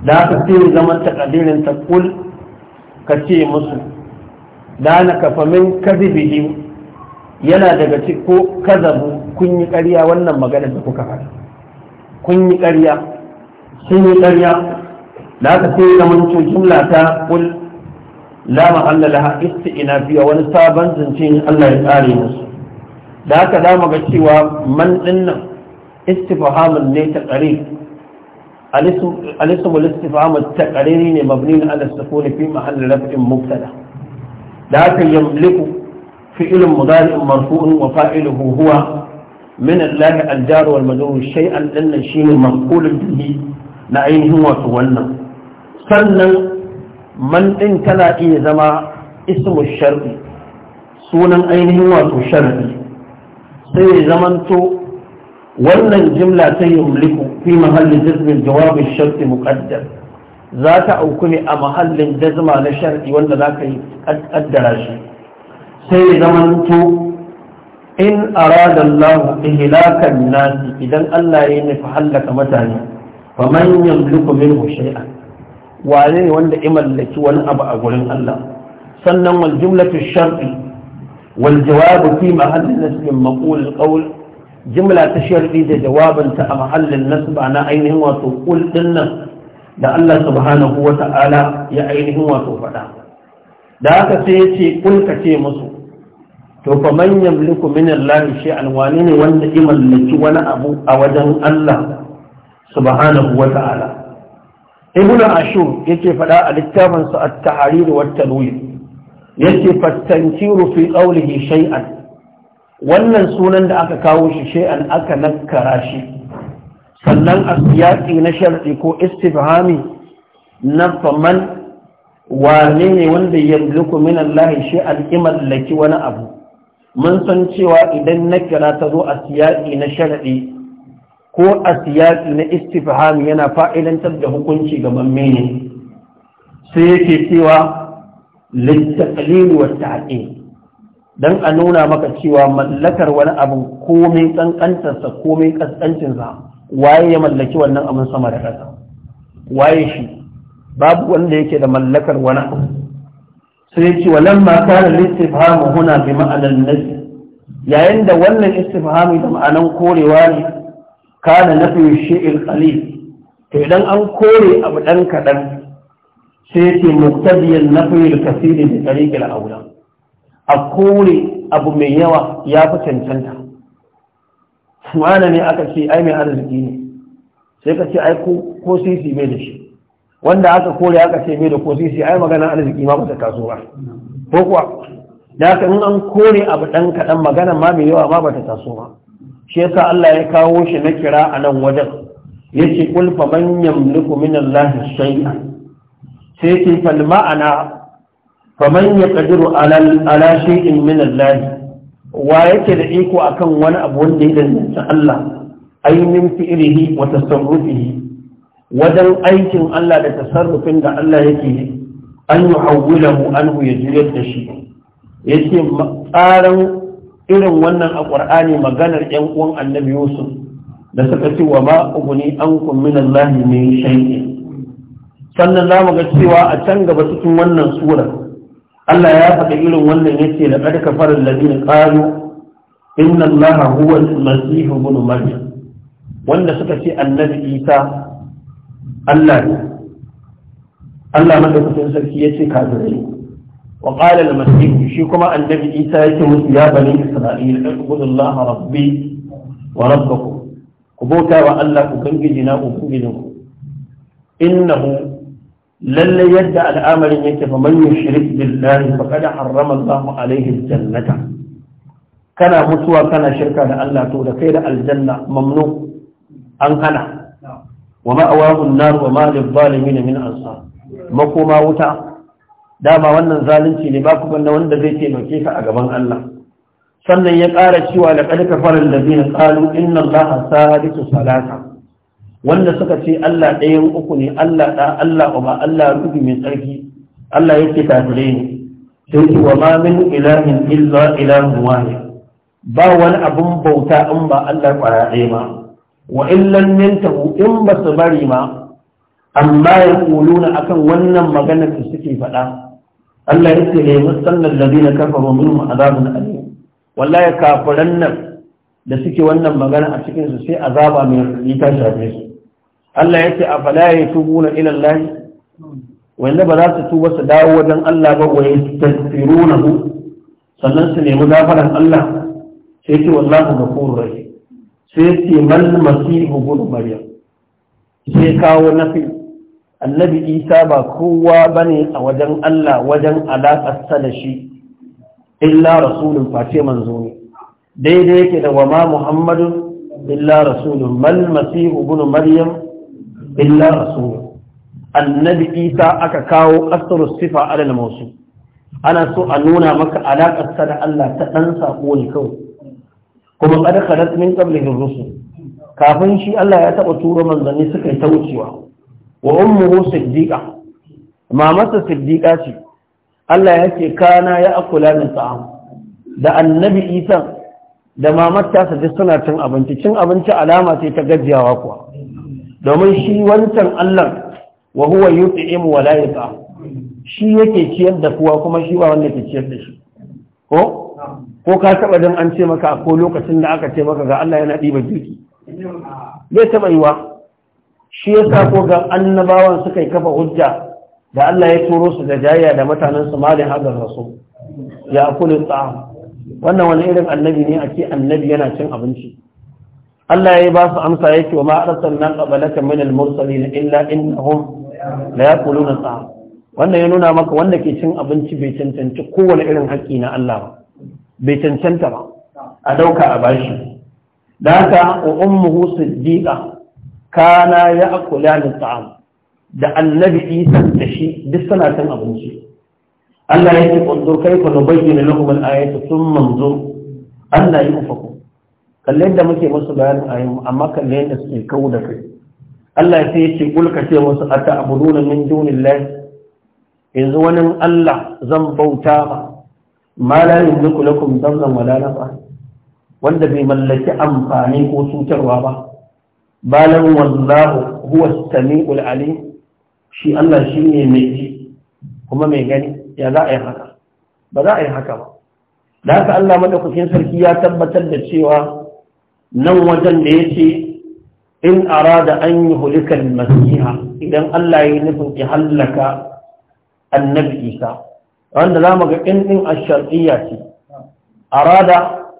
da haka sai zaman takadirin ta kul ka ce musu da na kafa min kadibihim yana daga ci ko kazabu kun yi ƙarya wannan magana da kuka faɗi kun yi ƙarya sun yi ƙarya da haka sai zaman to jumla ta kul la ma'alla laha isti'ina biya wani sabon zance ne Allah ya tsare musu da haka za ga cewa man dinnan istifhamun ne ta ƙare. alisubu listifamu ta karini ne mabni na ala sukuni fi mahallin rafin mubtada da haka yamliku fi ilin mudari'in marfu'in wa fa'ilu huhuwa min allah aljar wal majru shay an dinna shine maqulun na ainihin wato wannan sannan man din kana iya zama ismu shar'i sunan ainihin wato shar'i sai zamanto wannan jimla ta yumliku fi mahallin jazmin jawabin sharti muqaddar za ta auku ne a mahallin jazma na sharti wanda za ka yi kaddara shi sai zamanto in arada Allah ihlakan nasi idan Allah ya nufi hallaka mutane fa faman yamliku minhu shay'an wane ne wanda ya mallaki wani abu a gurin Allah sannan wal jumlatu sharti wal jawabu fi mahallin nasbin maqul al qawl jimla ta sharɗi da jawabinta a mahallin nasba na ainihin wato kul nan da Allah subhanahu wa ta'ala ya ainihin wato faɗa da haka sai ya ce kul ka ce musu to fa man yamliku min Allah shay'an ne wanda ya mallaki wani abu a wajen Allah subhanahu wa ta'ala ibn ashur yake faɗa a littafin sa at-tahrir wa at-tanwir yake fatankiru fi qawlihi shay'an wannan sunan da aka kawo shi shay'an aka nakara shi sannan a na sharɗi ko Istifahami na faman wane ne wanda yamliku min Allah shay'an imallaki wani abu mun san cewa idan na kira ta zo a siyaƙi na sharaɗi ko a siyaƙi na istifhami yana fa'ilantar da hukunci ga mamme ne sai yake cewa littaƙalili wa don a nuna maka cewa mallakar wani abu komai ƙanƙantarsa komai ƙasƙancinsa waye ya mallaki wannan abin sama da ƙasa waye shi babu wanda yake da mallakar wani abu sai ce walan ma kana listifhamu huna bi ma'anar nafi yayin da wannan istifhami da ma'anan korewa ne kana nafi shi'il qalil to idan an kore abu dan kadan sai ce muqtadiyan nafi al-kaseer bi tariq al-awla a kore abu mai yawa ya fi cancanta wane ne aka ce ai mai arziki ne sai ka ce ai ko sisi mai da shi wanda aka kore aka ce mai da ko sisi ai magana arziki ma ba ta taso ba ko kuwa da aka in an kore abu ɗan kaɗan magana ma mai yawa ma ba ta taso ba shi yasa Allah ya kawo shi na kira a nan wajen Ya ce Kulfa manyan yamliku min Allah shay'an sai ce fal ma'ana faman ya ƙadiru ala shay'in min Allah wa yake da iko akan wani abu wanda ya danganta Allah ainihin fi'ilihi wa tasarrufihi wajen aikin Allah da tasarrufin da Allah yake an yi hawwilahu anhu ya juyar da shi yace tsaran irin wannan a ƙwar'ani maganar ‘yan uwan annabi Yusuf da suka ce wa ma uguni an kummin Allah ne shaiƙi sannan za mu ga cewa a can gaba cikin wannan surar Allah ya faɗi irin wannan yace la qad kafara alladhina qalu inna allaha huwa al-masih ibn maryam wanda suka ce annabi Isa Allah ne Allah madaukakin sarki yace kafirai wa qala al-masih shi kuma annabi Isa ce musu ya bani Isra'il ibudu Allah rabbi wa rabbakum ku bauta wa Allah ku gangije na ku gangije ku innahu Lallai yadda al'amarin yake fa man yushrik billahi faqad harrama Allahu alaihi jannata kana mutuwa kana shirka da Allah to da kai da aljanna mamnu an hana wa ma'awahu an-nar wa ma lil-zalimin min ansar makoma wuta dama wannan zalunci ne ba kuma wanda zai taimake ka a gaban Allah sannan ya ƙara cewa da ƙarfafa farin da inna Allah sadisu salata wanda suka ce Allah ɗayan uku ne Allah ɗa Allah uba Allah ruhi mai tsarki Allah yake kafirai ne sai ki wa ma min ilahin illa ilahun wahid ba wani abun bauta in ba Allah kwara ɗaya ba. wa illan yantahu in ba su bari ma amma ya kuluna akan wannan magana da suke faɗa Allah yake ne musallan ladina kafaru minhum azabun alim wallahi kafiran nan da suke wannan magana a cikinsu sai azaba mai rika shafe su Allah ya ce a fala ya tubu na ilan lahi wanda ba za su tuba su dawo wajen Allah ba wa yastaghfiru na hu sannan su nemi gafaran Allah sai ce wallahu ghafurur rahim sai ce mal masihu ibn maryam sai kawo nafi annabi isa ba kowa bane a wajen Allah wajen alaƙar sa da shi illa rasulun face manzo ne daidai yake da wa ma muhammadun illa rasulun mal masihu ibn maryam illa rasul annabi isa aka kawo asru sifa alal mawsu ana so a nuna maka alaƙar sa da Allah ta dan sako ne kawai kuma qad khalat min qablihi rusul kafin shi Allah ya taba tura manzanni suka yi ta wucewa wa ummuhu siddiqa mamarsa siddiqa ce Allah ya ce kana ya akula min ta'am da annabi isa da mamar ta duk suna cin abinci cin abinci alama ce ta gajiyawa kuwa domin shi wancan Allah wa huwa yut'im wa la yut'am shi yake ciyar da kowa kuma shi ba wanda ke ciyar da shi ko ko ka taba dan an ce maka ko lokacin da aka ce maka ga Allah yana diba duki bai taba yiwa shi yasa ko ga annabawan suka yi kafa hujja da Allah ya turo su da jayya da mutanen su malin hadar rasul ya akulu ta'am wannan wani irin annabi ne ake annabi yana cin abinci Allah ya ba su amsa yake wa ma arsalna qablaka min al-mursalin illa innahum la yaquluna sa'a wannan ya nuna maka wanda ke cin abinci bai cancanci kowane irin haƙƙi na Allah ba bai cancanta ba a dauka a bashi da haka wa ummuhu siddiqa kana ya'kulani ta'am da annabi Isa da shi duk suna cin abinci Allah kun zo kai ku nubayyana lahum al-ayati thumma anzur anna yufaku kalle yadda muke musu bayanin a yau amma kalle yadda suke kawo da kai Allah ya sai ce kulka ce musu ata abuduna min dunillahi yanzu wani Allah zan bauta ba ma la yamliku lakum dharran wala nafa wanda bai mallaki amfani ko cutarwa ba balan wallahu huwa as-sami'ul alim shi Allah shine mai ji kuma mai gani ya za a yi haka ba za a yi haka ba da haka Allah madaukakin sarki ya tabbatar da cewa nan wajen da ya ce in arada an yi hulikan masiha idan Allah ya nufin ki hallaka annabi isa wanda za mu ga in din ashar'iyya ce arada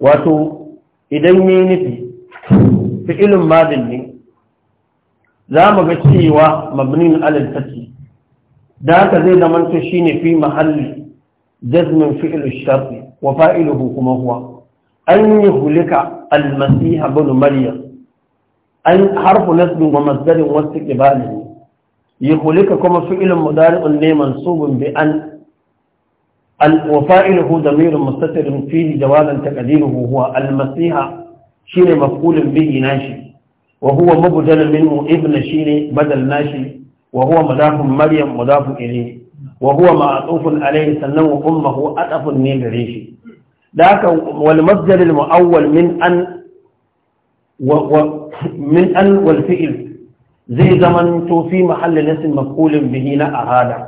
wato idan ya nufi fi'ilin madin ne za mu ga cewa mabnin alal fati da haka zai shi shine fi mahalli jazmin fi'il shar'i wa fa'iluhu kuma huwa an yi hulika almasiha bin maryam an harfu nasbin wa masdarin wasu kibali yi hulika kuma fi'ilin mudari'un ne mansubun bi an an wafa'iluhu damirun mustatirin fihi jawalan taqdiruhu huwa almasiha shine maf'ulun bihi nashi wa huwa mubdal ibna shi ne, badal nashi wa huwa mudafun maryam mudafun ilayhi wa huwa ma'tufun alayhi sannan wa ummuhu adafun ne gare shi ذاك والمصدر المؤول من أن و و من أن والفئل زي زمن في محل الاسم مفقول به لا نأهادا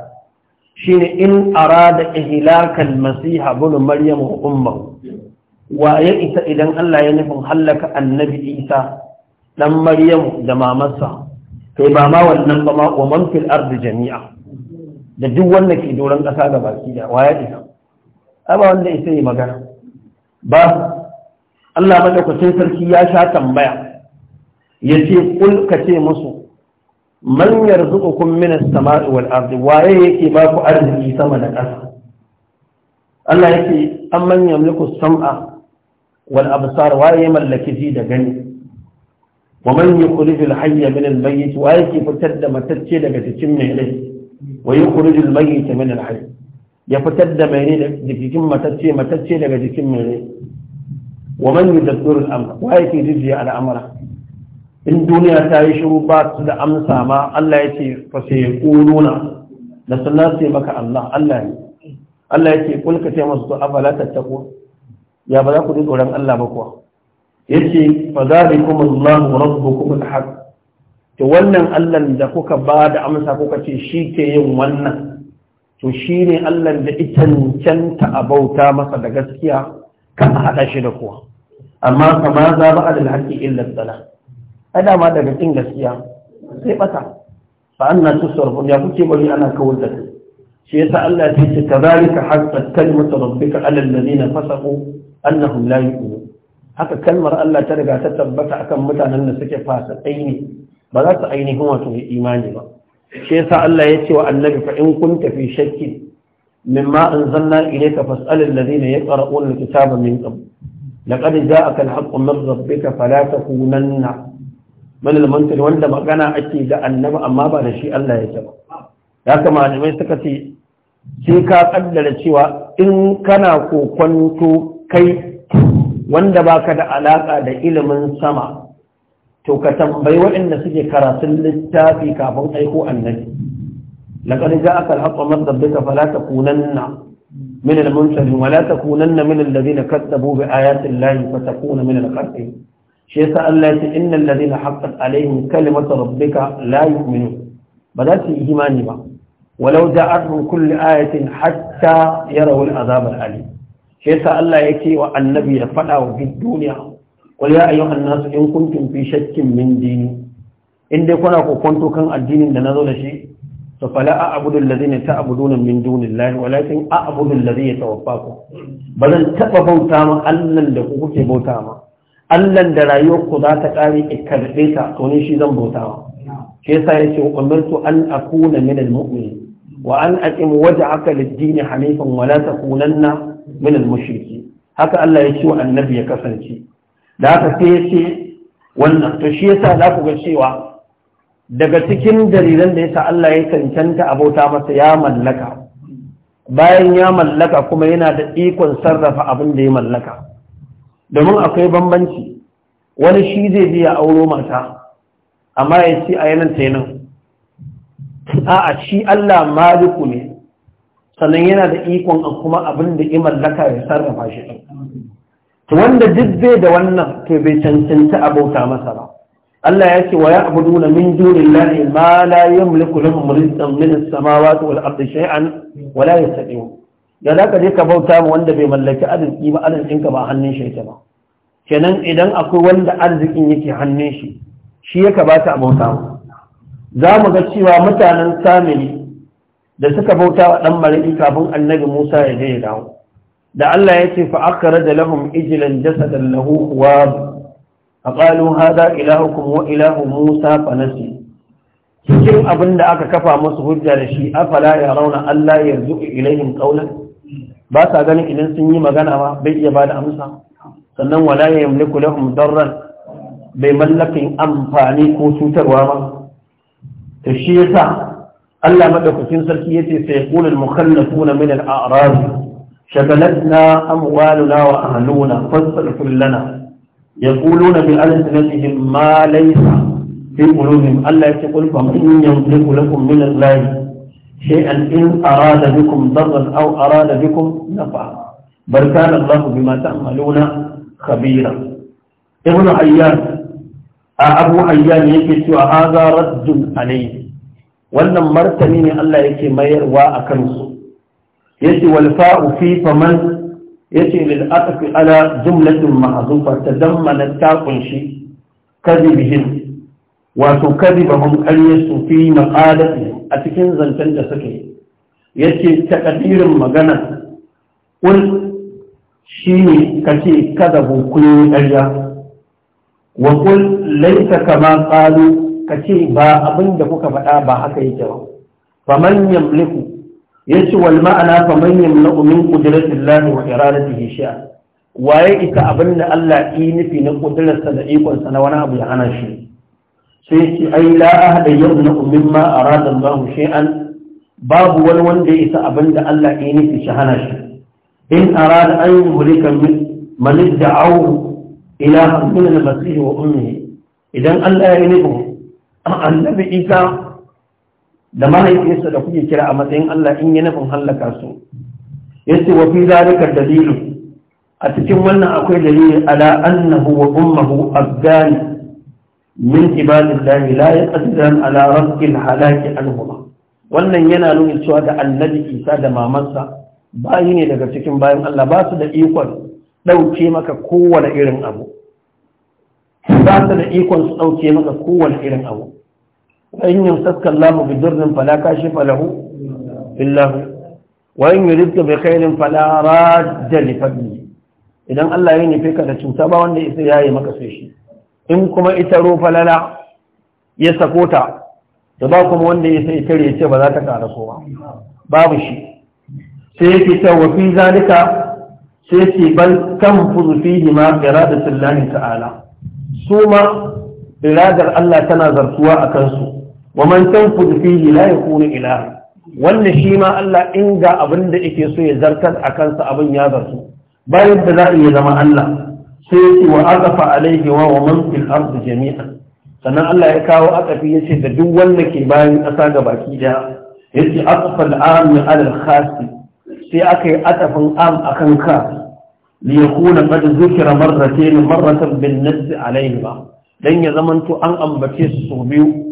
شين إن أراد إهلاك المسيح بن مريم وأمه ويئس اذا أن لا ينفن حلك النبي إيسا لم مريم دما مسا فيما ما والنظم ومن في الأرض جميعا دجوا لك اسعد أسادة باكية ويئس أبا أن إيسا مقرم ba Allah madaukakin sarki ya sha tambaya ya ce kul ce musu man yarzuqukum min as-sama'i wal ardi waye yake ba ku arziki sama da ƙasa Allah yake amman yamliku sam'a wal absar waye mallaki ji da gani wa man yukhrij al hayya min al mayyit waye ke fitar da matacce daga cikin mai rai wa yukhrij al mayyit min al hayy ya fitar da mai ne da jikin matacce matacce daga jikin mai ne wa man da tsoron amma wa yake jijiya al-amra in duniya ta yi shiru ba su da amsa ma Allah ya ce fa sai quluna da sannan sai maka Allah Allah ne Allah ya ce kul ce masu abala ta tattaqu ya ba za ku ji tsoron Allah ba kuwa yace fa kuma Allah rabbukum al-haq to wannan Allah da kuka ba da amsa kuka ce shi ke yin wannan to shi ne Allah da cancanta a bauta masa da gaskiya kan a haɗa shi da kuwa amma kama za ba adal haƙi illar tsala a dama daga cin gaskiya sai ɓata Ba an na su sarfun ya kuke bari ana kawar da shi yasa Allah ya ce ka haqqat ka rabbika alal ladina fasaqu annahum la yu'minun haka kalmar Allah ta riga ta tabbata akan mutanen da suke fasa ne ba za su ainihin wato imani ba shi yasa Allah ya ce wa annabi fa in kun tafi shakki mimma anzalna ilayka fas'al alladhina yaqra'una alkitaba min qabl laqad ja'aka alhaqqu min rabbika fala takunanna man almantil wanda magana ake da annabi amma ba da shi Allah ya ce ba ya kama malamai suka ce sai ka kaddara cewa in kana kokwanto kai wanda baka da alaka da ilimin sama to ka tambayi waɗanda suke karatun littafi kafin aiko annabi laqad ja'aka al-haqqu min rabbika fala takunanna min al-muntahin wa la takunanna min alladhina kadzabu bi ayati llahi fa takuna min al-khasirin shi yasa Allah ya ce innal ladhina haqqat alaihim kalimatu rabbika la yu'minun ba za su yi imani ba ولو جاءتهم كل آية حتى يروا العذاب الأليم شيء wa Annabi ya فلا في duniya. qul ya yau nas in kuntum fi shakkin min dini in dai kuna kokonto kan addinin da na zo da shi to fala a'budu alladhina ta'buduna min dunillahi walakin a'budu ku. Ba zan taba bauta ma Allah da ku kuke bauta ma Allah da rayuwar ku za ta kare ki karbe ta to ne shi zan bauta ma shi yasa wa umirtu an akuna min almu'minin Hanifin, wala ta للدين حنيفا ولا Haka Allah ya هكا wa annabi ya kasance. da aka sai ya wannan to shi yasa za ku ga cewa daga cikin dalilan da yasa Allah ya cancanta abota masa ya mallaka bayan ya mallaka kuma yana da ikon sarrafa abin da ya mallaka domin akwai bambanci wani shi zai bi ya auro mata amma ya ce a yanar tainan a shi Allah maliku ne sannan yana da ikon kuma abin da ya mallaka ya sarrafa shi to wanda duk da wannan to bai cancanta abota masa ba Allah ya ce wa ya abu nuna min dunillahi ma la yamliku lahum rizqan min as-samawati wal ardi shay'an wa la yastati'un da za ka je ka bauta ma wanda bai mallaki arziki ba arzikinka ba hannun shi yake ba kenan idan akwai wanda arzikin yake hannun shi shi ya kabata a bauta ma za mu ga cewa mutanen samiri da suka bauta wa ɗan mariki kafin annabi musa ya je ya dawo da Allah ya ce fa rada lahum ijlan jasadan lahu khawab faqalu hadha ilahukum wa ilahu musa fanasi cikin abin da aka kafa musu hujja da shi afala ya rauna Allah ya zuƙi ilaihim ƙaunar? ba sa ganin idan sun yi magana ba bai iya da amsa sannan wala ya yamliku lahum darran bai mallakin amfani ko cutarwa ba to shi yasa Allah maɗaukacin sarki ya ce sai qulul mukhallafuna min al-a'rab شغلتنا أموالنا وأهلنا فاستغفر لنا يقولون بألسنتهم ما ليس في قلوبهم ألا يقول فمن يملك لكم من الله شيئا إن أراد بكم ضرا أو أراد بكم نفعا بل كان الله بما تعملون خبيرا ابن عيان أبو عيان يكي هذا رد عليه wannan martani ne Allah yake mayarwa a kansu yace wal fa'u fi faman yace lil aqfi ala jumlatin mahzufa tadammana ta kunshi kadibihim wato kadibahum qaryasu fi maqalati a cikin zantan da suke yace takadirin magana kul shine kace kadabu kun ƙarya wa kul laysa kama qalu kace ba abin da kuka faɗa ba haka yake ba faman yamliku yace wal ma'ana fa man yamna'u min qudratillahi wa iradatihi shay'a waye ita abin da Allah yi nufi na kudrarsa da ikonsa na wani abu ya hana shi sai ce ai la ahada ma mimma arada Allah an. babu wani wanda ya isa abin da Allah yi nufi shi hana shi in arada an yi yuhlika da da'awu ila min da masih wa ummihi idan Allah ya yi nufi annabi Isa da mahaifinsa da kuke kira a matsayin Allah in ya nufin hallaka su yace wa fi zalika dalilu a cikin wannan akwai dalili ala annahu wa ummuhu abdan min ibadillahi la yaqdiran ala rafqil halaki anhuma wannan yana nuna cewa da annabi Isa da mamansa bayi ne daga cikin bayan Allah ba su da ikon dauke maka kowane irin abu ba su da ikon su dauke maka kowane irin abu وإن يمسك الله بضر فلا كاشف له إلا هو وإن يردك بخير فلا راد لفضله idan Allah ya nufe ka da cuta ba ya yi maka sai in kuma ita falala ya sako ta da ba kuma wanda ya sai tare ce ba za ta ƙara ba babu shi sai yake ta wafi zalika sai ta'ala su iradar Allah tana zartuwa a kansu wa man tanfud fihi la yakunu wannan shi ma Allah in ga abin da yake so ya zartar a kansa abin ya zartu bayan da za a iya zama Allah sai ya ce wa azafa alaihi wa wa man fil ardi jami'a. sannan Allah ya kawo azafi yace da duk wanda ke bayan ƙasa ga baki daya yace azafa al-am al-khas sai aka yi atafin am akan ka li yakuna qad zukira marratayn marratan bin nazz ba? dan ya zamanto an ambace su biyu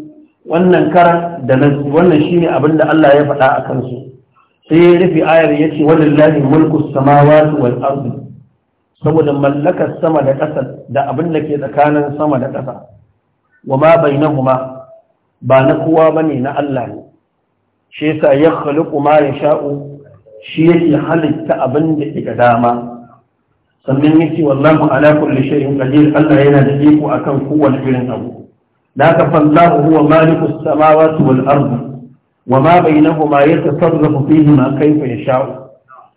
wannan karan da nan wannan shine abin da Allah ya faɗa a kansu sai ya rufe ayar ya ce walillahi mulku samawati wal ardi saboda mallakar sama da ƙasa da abin da ke tsakanin sama da ƙasa wa ma bainahuma ba na kowa ne na Allah ne shi yasa ya khaliqu ma shi yake halitta abin da ke dama sannan ce, wallahu ala kulli shay'in qadir Allah yana da iko akan kowane irin abu ذاك فالله هو مالك السماوات والأرض وما بينهما يتصرف فيهما كيف يشاء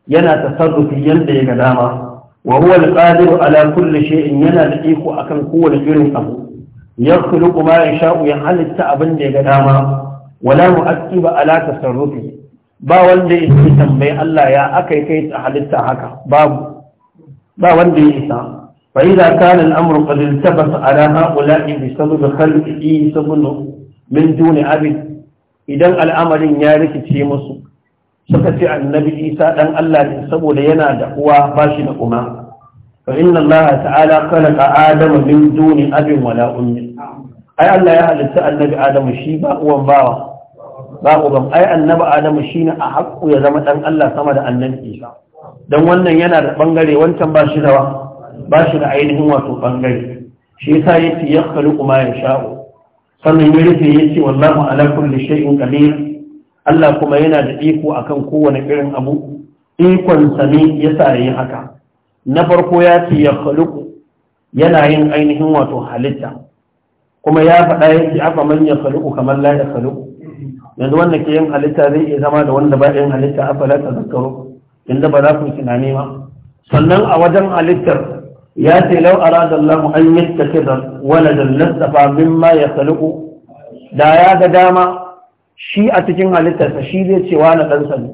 ينا تصرف يندي قداما وهو القادر على كل شيء ينا لئيك أكن قوة جرم أبو يخلق ما يشاء يحل التأبن دي قداما ولا مؤكب على تصرفه ba wanda ya tambayi Allah ya aka yi kai a halitta haka babu ba wanda ya isa فإذا كان الأمر قد التبس على هؤلاء بسبب خلق عيسى بن من دون أب إذا الأمر يارك في مصر سكت النبي عيسى أن الله ينسب لينا دعوة باشن أمام فإن الله تعالى خلق آدم من دون أب ولا أم أي الله يا النبي آدم شيبا وباوة baƙuban ai annaba adamu shine a haƙƙu ya zama ɗan Allah sama da annan isa don wannan yana da ɓangare wancan ba shi da wa ba shi da ainihin wato bangare shi yasa yace ya khaliqu ma yasha'u sannan ya rufe ya ce wallahu ala kulli shay'in qadir Allah kuma yana da iko akan kowane irin abu ikon sa ne yasa yayi haka na farko ya ce ya khaliqu yana yin ainihin wato halitta kuma ya faɗa yace afa man ya khaliqu kamar la ya khaliqu yanzu wanda ke yin halitta zai iya zama da wanda ba yin halitta afa la tazakkaru inda ba za ku tunani ma sannan a wajen halittar ya ce lau arada Allah an yattakhidha waladan lastafa mimma yakhluqu da ya ga dama shi a cikin halittarsa shi zai ce wani ɗansa ne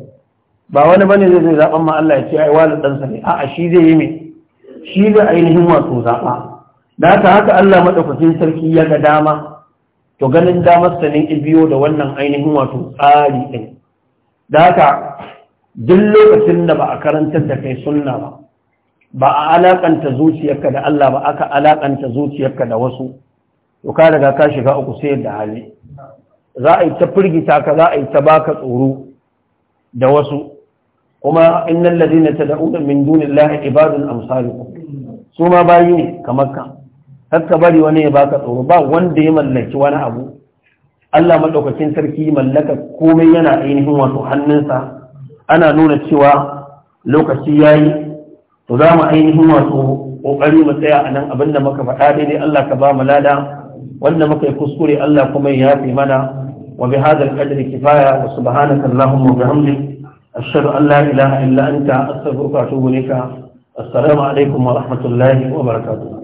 ba wani bane zai zai zaɓen ma Allah ya ce ai wani ɗansa ne a'a shi zai yi me shi zai ainihin wato zaɓa da ta haka Allah maɗaukakin sarki ya ga dama to ganin damar sa ne biyo da wannan ainihin wato tsari da duk lokacin da ba a karantar da kai sunna ba ba a alakanta zuciyarka da Allah ba aka alakanta zuciyarka da wasu to ka riga ka shiga uku sai da hali za a yi ta firgita ka za a yi ta baka tsoro da wasu kuma innal ladina tad'una min dunillahi ibadun amsalukum su ma bayi ne kamar ka kakka bari wani ya baka tsoro ba wanda ya mallaki wani abu Allah madaukakin sarki mallaka komai yana ainihin wato hannunsa ana nuna cewa lokaci yayi to za mu ainihin wato kokari mu tsaya a nan abinda muka faɗa daidai Allah ka ba mu lada wanda muka yi kuskure Allah kuma ya yafi mana wa bi hadal qadri kifaya wa subhanaka allahumma wa bihamdik ashhadu an la ilaha illa anta astaghfiruka wa atubu ilaik assalamu alaikum wa rahmatullahi wa barakatuh